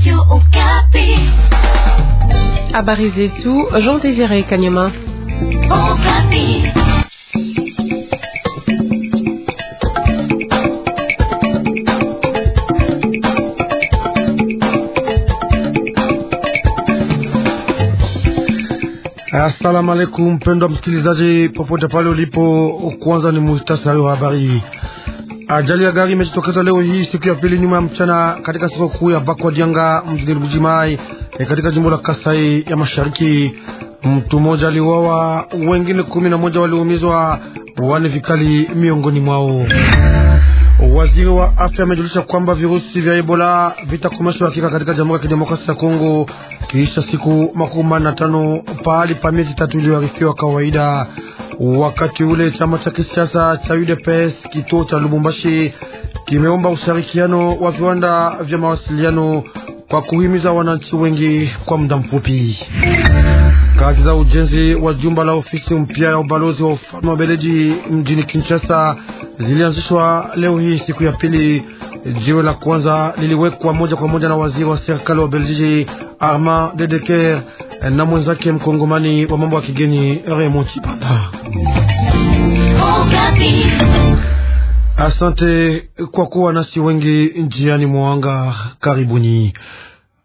Radio Okapi. Habari zetu, Jean Désiré Kanyama. Okapi. Assalamu alaikum, mpendwa msikilizaji popote pale ulipo, kwanza ni muhtasari wa habari. Ajali ya gari imejitokeza leo hii siku ya pili nyuma ya mchana katika soko kuu ya Bakwa Dianga mjini Lubujimai eh, katika jimbo la Kasai ya Mashariki. Mtu mmoja aliuawa, wengine kumi na moja waliumizwa, wane vikali miongoni mwao. Waziri wa afya amejulisha kwamba virusi vya Ebola vitakomeshwa hakika katika Jamhuri ya Kidemokrasia ya Kongo kisha siku makumi manne na tano pahali pa miezi tatu iliyoarifiwa kawaida. Wakati ule chama cha kisiasa cha UDPS kituo cha Lubumbashi kimeomba ushirikiano wa viwanda vya mawasiliano kwa kuhimiza wananchi wengi kwa muda mfupi. Kazi za ujenzi wa jumba la ofisi mpya ya ubalozi wa ufalme wa Beleji mjini Kinshasa zilianzishwa leo hii siku ya pili. Jiwe la kwanza liliwekwa moja kwa moja na waziri wa serikali wa Belgiji Armand Dedeker na mwenzake mkongomani wa mambo ya kigeni Raymond Chipanda. Asante kwa kuwa nasi wengi njiani mwanga. Karibuni.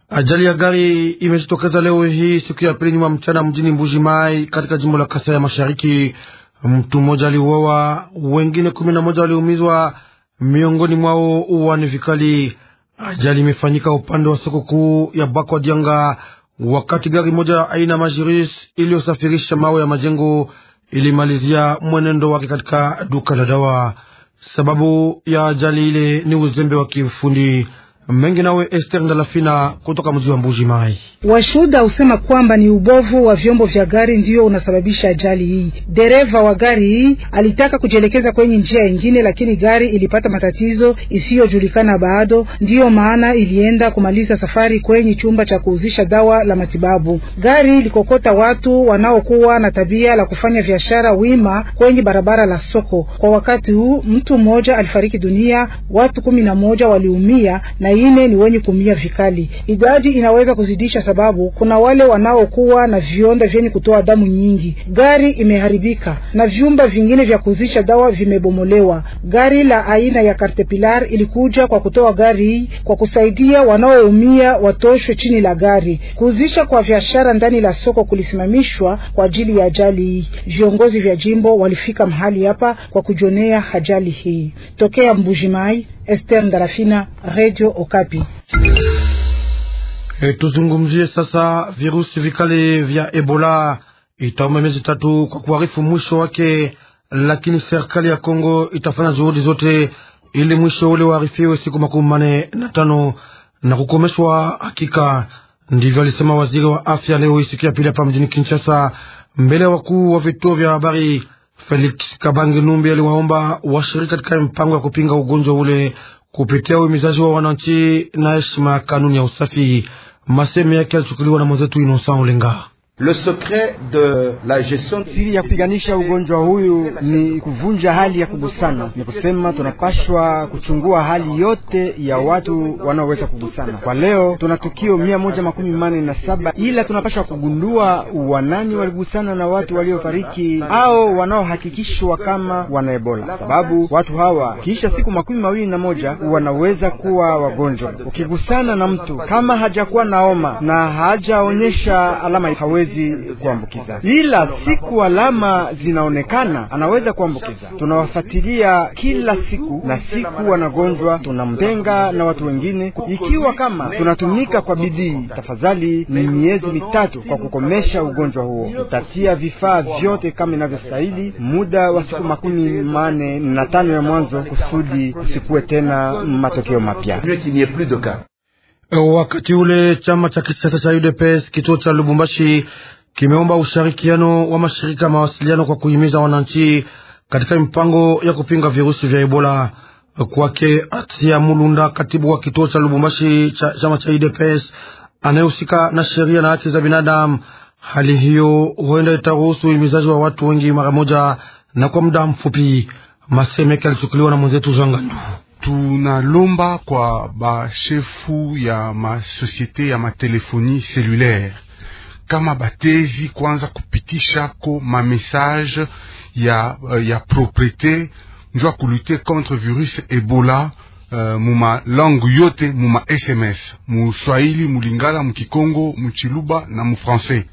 Ajali ya gari imejitokeza leo hii siku ya pili nyuma mchana mjini Mbuji Mai katika jimbo la Kasai ya Mashariki. Mtu mmoja aliuawa, wengine kumi na moja waliumizwa, miongoni mwao uwani vikali. Ajali imefanyika upande wa soko kuu ya Bakwa Dianga wakati gari moja aina majiris iliyosafirisha mawe ya majengo ilimalizia mwenendo wake katika duka la dawa. Sababu ya ajali ile ni uzembe wa kiufundi mengi nawe Esther Ndalafina kutoka mji wa Mbuji Mai. Washuhuda husema kwamba ni ubovu wa vyombo vya gari ndiyo unasababisha ajali hii. Dereva wa gari hii alitaka kujielekeza kwenye njia nyingine, lakini gari ilipata matatizo isiyojulikana bado, ndiyo maana ilienda kumaliza safari kwenye chumba cha kuuzisha dawa la matibabu. Gari ilikokota watu wanaokuwa na tabia la kufanya biashara wima kwenye barabara la soko. Kwa wakati huu mtu mmoja alifariki dunia, watu kumi na moja waliumia na ine ni wenye kumia vikali. Idadi inaweza kuzidisha, sababu kuna wale wanaokuwa na vionda vyenye kutoa damu nyingi. Gari imeharibika na vyumba vingine vya kuzisha dawa vimebomolewa. Gari la aina ya Caterpillar ilikuja kwa kutoa gari hii kwa kusaidia wanaoumia watoshwe chini la gari. Kuzisha kwa biashara ndani la soko kulisimamishwa kwa ajili ya ajali hii. Viongozi vya jimbo walifika mahali hapa kwa kujionea ajali hii. Tokea Mbujimai, Esther Ndarafina, Radio Okapi. E, eh, tuzungumzie sasa virusi vikali vya Ebola itaomba miezi tatu kwa kuharifu mwisho wake, lakini serikali ya Kongo itafanya juhudi zote ili mwisho ule uarifiwe siku makumi manne na tano na kukomeshwa hakika. Ndivyo alisema waziri wa afya leo isiku ya pili hapa mjini Kinshasa, mbele ya wakuu wa vituo vya habari. Felix Kabange Numbi aliwaomba washiriki katika mpango ya kupinga ugonjwa ule kupitia uhimizaji wa wananchi na heshima ya kanuni ya usafi. Maseme yake yalichukuliwa na mwenzetu Inosa Olenga. Le secret de la gestion... siri ya kupiganisha ugonjwa huyu ni kuvunja hali ya kugusana. Ni kusema tunapashwa kuchungua hali yote ya watu wanaoweza kugusana. Kwa leo tuna tukio mia moja makumi mane na saba ila tunapashwa kugundua wanani waligusana na watu waliofariki au wanaohakikishwa kama wana Ebola, sababu watu hawa kisha siku makumi mawili na moja wanaweza kuwa wagonjwa. Ukigusana na mtu kama hajakuwa naoma na hajaonyesha alama hawezi hawezi kuambukiza, ila siku alama zinaonekana anaweza kuambukiza. Tunawafatilia kila siku na siku wanagonjwa, tunamtenga na watu wengine. Ikiwa kama tunatumika kwa bidii, tafadhali, ni miezi mitatu kwa kukomesha ugonjwa huo. Tutatia vifaa vyote kama inavyostahili, muda wa siku makumi manne na tano ya mwanzo, kusudi usikuwe tena matokeo mapya. E, wakati ule chama cha kisiasa cha UDPS kituo cha Lubumbashi kimeomba ushirikiano wa mashirika mawasiliano kwa kuhimiza wananchi katika mpango ya kupinga virusi vya Ebola. Kwake Atia Mulunda, katibu wa kituo cha Lubumbashi cha chama cha UDPS anayehusika na sheria na haki za binadamu, hali hiyo huenda itaruhusu uhimizaji wa watu wengi mara moja na kwa muda mfupi. Masemeke alichukuliwa na mwenzetu Jangandu. tunalomba kwa bashefu ya masosiete ya matelefoni cellulaire kama batezi kwanza ma message ya, euh, ya propriete njua kulute contre virus Ebola uh, muma langue yote muma SMS muswahili mulingala mukikongo muchiluba na mufrancais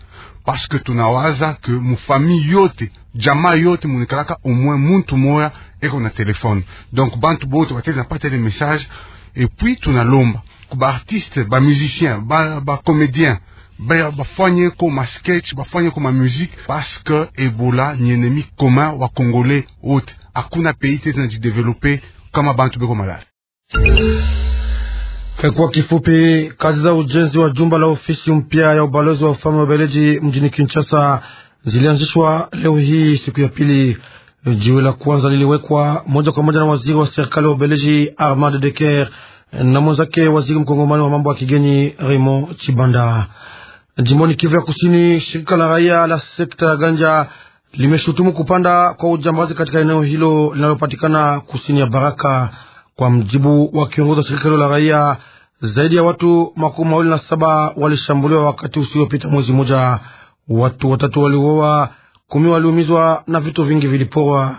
parce que tunawaza ke mufamii yote jamaa yote munikalaka omwe muntu moya eko na telefone donc bantu bote batezi napata ile message epuis tunalomba kubaartiste bamusicien bacomédien ba bafanye ko masketch bafanye ko mamusique parce que ebola ni ennemi commun wa congolais wote hakuna pays tezi najidevelope kama bantu beko malari kwa kifupi, kazi za ujenzi wa jumba la ofisi mpya ya ubalozi wa ufalme wa Ubeleji mjini Kinshasa zilianzishwa leo hii siku ya pili. Jiwe la kwanza liliwekwa moja kwa moja na waziri wa serikali wa Ubeleji Armand Decker na mwenzake waziri mkongomani wa mambo ya kigeni Raymond Chibanda. Jimboni Kivu ya Kusini, shirika la raia la sekta ya ganja limeshutumu kupanda kwa ujambazi katika eneo hilo linalopatikana kusini ya Baraka. Kwa mjibu wa kiongozi wa shirika hilo la raia, zaidi ya watu makumi mawili na saba walishambuliwa wakati usiopita mwezi mmoja. Watu watatu waliuawa kumi waliumizwa na vitu vingi viliporwa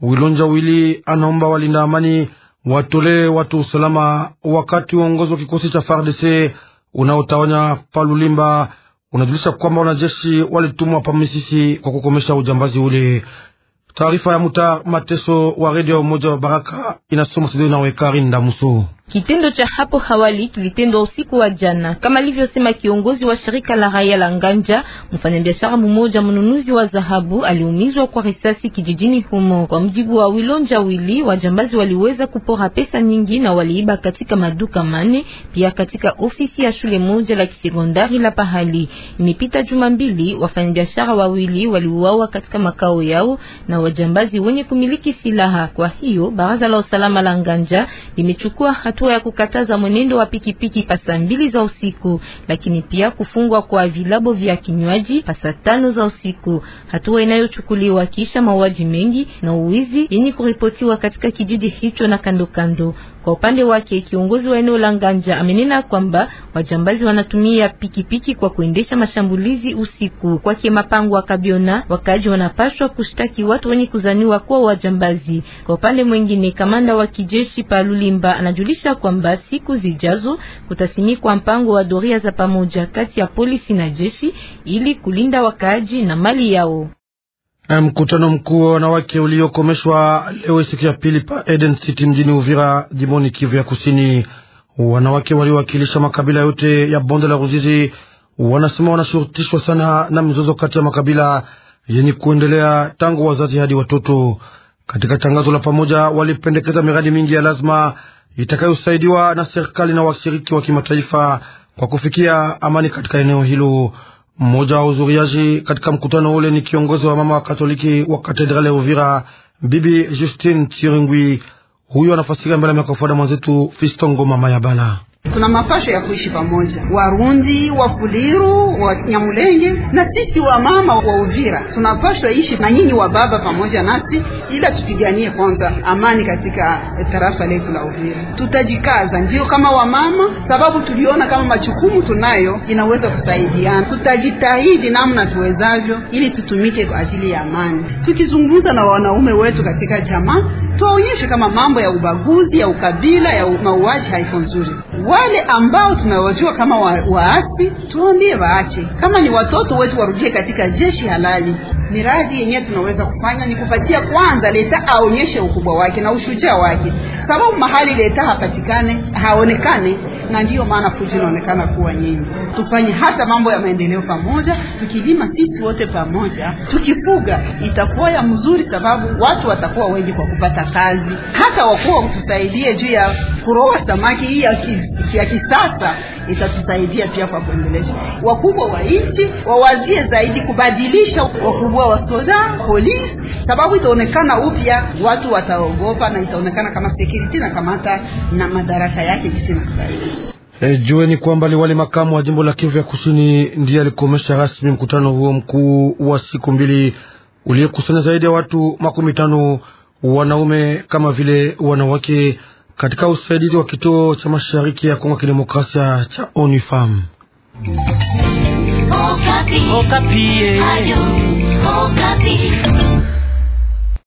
Wilonja wili anaomba walinda amani watolee watu usalama, wakati uongozi wa kikosi cha FARDC unaotawanya Palulimba unajulisha kwamba wanajeshi walitumwa Pamisisi kwa kukomesha ujambazi ule. Taarifa ya Muta Mateso wa redio Umoja wa Baraka inasoma sidio na Wekari Ndamuso. Kitendo cha hapo hawali kilitendwa usiku wa jana, kama alivyosema kiongozi wa shirika la raia la Nganja. Mfanyabiashara mmoja mnunuzi wa dhahabu aliumizwa kwa risasi kijijini humo. Kwa mjibu wa Wilonja Wili, wajambazi waliweza kupora pesa nyingi na waliiba katika maduka mane, pia katika ofisi ya shule moja la kisekondari la pahali. Imepita juma mbili, wafanyabiashara wawili waliuawa katika makao yao na wajambazi wenye kumiliki silaha. Kwa hiyo baraza la usalama la Nganja limechukua hatua hatua ya kukataza mwenendo wa pikipiki pasa mbili za usiku, lakini pia kufungwa kwa vilabo vya kinywaji pasa tano za usiku, hatua inayochukuliwa kisha mauaji mengi na uwizi yenye kuripotiwa katika kijiji hicho na kandokando kando. Kwa upande wake kiongozi wa eneo la Nganja amenena kwamba wajambazi wanatumia pikipiki piki kwa kuendesha mashambulizi usiku. Kwake mapango Akabiona, wakaaji wanapaswa kushtaki watu wenye kuzaniwa kuwa wajambazi. Kwa upande mwingine, kamanda wa kijeshi Palulimba anajulisha kwamba siku zijazo kutasimikwa mpango wa doria za pamoja kati ya polisi na jeshi ili kulinda wakaaji na mali yao. Mkutano mkuu wa wanawake uliokomeshwa leo siku ya pili pa Eden City mjini Uvira, jimboni Kivu ya Kusini. Wanawake waliowakilisha makabila yote ya bonde la Ruzizi wanasema wanashurutishwa sana na mzozo kati ya makabila yenye kuendelea tangu wazazi hadi watoto. Katika tangazo la pamoja, walipendekeza miradi mingi ya lazima itakayosaidiwa na serikali na washiriki wa kimataifa kwa kufikia amani katika eneo hilo. Mmoja wa uzuriaji katika mkutano ule ni kiongozi wa mama wa Katoliki wa katedrale ya Uvira, Bibi Justine Tiringui. Huyo anafasiria mbele ya mikrofoni mwenzetu Fistongo mama ya bana. Tuna mapasho ya kuishi pamoja, Warundi, Wafuliru, Wanyamulenge na sisi wa mama wa Uvira tunapashwa ishi na nyinyi wa baba pamoja nasi, ila tupiganie kwanza amani katika eh, tarafa letu la Uvira. Tutajikaza ndio kama wamama, sababu tuliona kama majukumu tunayo inaweza kusaidiana. Tutajitahidi namna tuwezavyo, ili tutumike kwa ajili ya amani, tukizungumza na wanaume wetu katika jamaa tuwaonyeshe kama mambo ya ubaguzi ya ukabila ya mauaji haiko nzuri. Wale ambao tunawajua kama wa, waasi tuwaambie waache, kama ni watoto wetu warudie katika jeshi halali. Miradi yenyewe tunaweza kufanya ni kupatia kwanza leta aonyeshe ukubwa wake na ushujaa wake, sababu mahali leta hapatikane haonekane na ndiyo maana Fuji inaonekana kuwa nyingi. Tufanye hata mambo ya maendeleo pamoja, tukilima sisi wote pamoja, tukifuga itakuwa ya mzuri, sababu watu watakuwa wengi kwa kupata kazi, hata wakuwa utusaidie juu ya kuroa samaki hii ya kisasa itatusaidia pia kwa kuendelesha. Wakubwa wa nchi wawazie zaidi kubadilisha wakubwa wa soda polisi, sababu itaonekana upya, watu wataogopa na itaonekana kama security na kamata na madaraka yake kisi na stahili. E, jueni kwamba liwali makamu wa jimbo la Kivu ya Kusini ndiye alikomesha rasmi mkutano huo mkuu wa siku mbili uliekusana zaidi ya watu makumi tano wanaume kama vile wanawake katika usaidizi wa kituo cha mashariki ya Kongo Kidemokrasia cha ONUFAM. Okapi. Okapi.